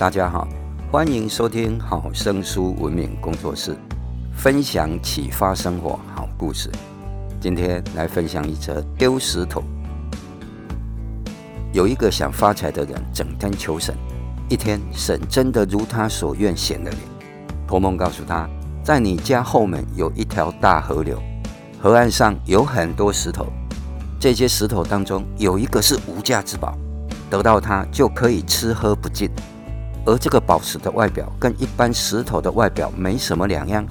大家好，歡迎收聽好聲書文明工作室分享啟發生活好故事。今天來分享一則丟石頭。有一個想發財的人，整天求神。一天，神真的如他所願顯了靈，托夢告訴他，在你家後門有一條大河流，河岸上有很多石頭，這些石頭當中有一個是無價之寶，得到它就可以吃喝不盡。而這個寶石的外表跟一般石頭的外表沒什麼兩樣，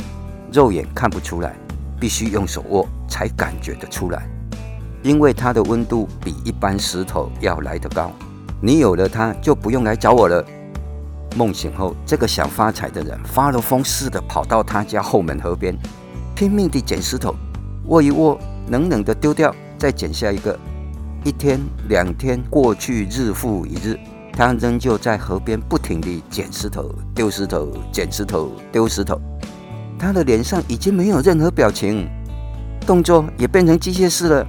肉眼看不出來，必須用手握才感覺得出來，因為它的溫度比一般石頭要來得高。你有了它，就不用來找我了。夢醒後，這個想發財的人發了瘋似的跑到他家後門河邊，拼命地撿石頭，握一握，冷冷地丟掉，再撿下一個。一天、兩天過去，日復一日。他仍舊在河邊不停地撿石頭、丟石頭、撿石頭、丟石頭。他的臉上已經沒有任何表情，動作也變成機械式了。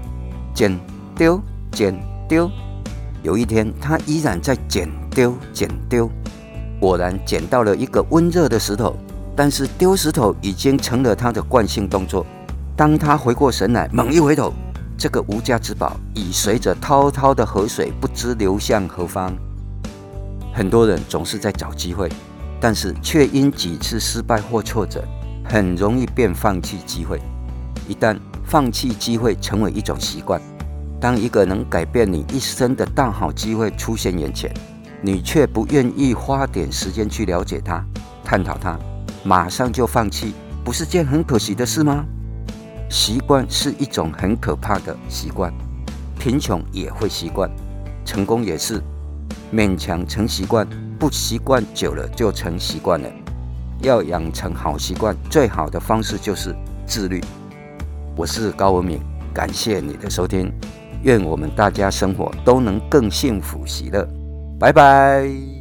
撿、丟、撿、丟。有一天，他依然在撿、丟、撿、丟，果然撿到了一個溫熱的石頭。但是丟石頭已經成了他的慣性動作。當他回過神來，猛一回頭，這個無價之寶已隨着滔滔的河水不知流向何方。很多人總是在找機會，但是卻因幾次失敗或挫折，很容易便放棄機會。一旦放棄機會成為一種習慣，當一個能改變你一生的大好機會出現眼前，你卻不願意花點時間去了解它、探討它，馬上就放棄，不是件很可惜的事嗎？習慣是一種很可怕的習慣，貧窮也會習慣，成功也是。勉強成習慣，不習慣久了就成習慣了。要養成好習慣，最好的方式就是自律。我是高文明，感謝你的收聽，願我們大家生活都能更幸福喜樂。拜拜。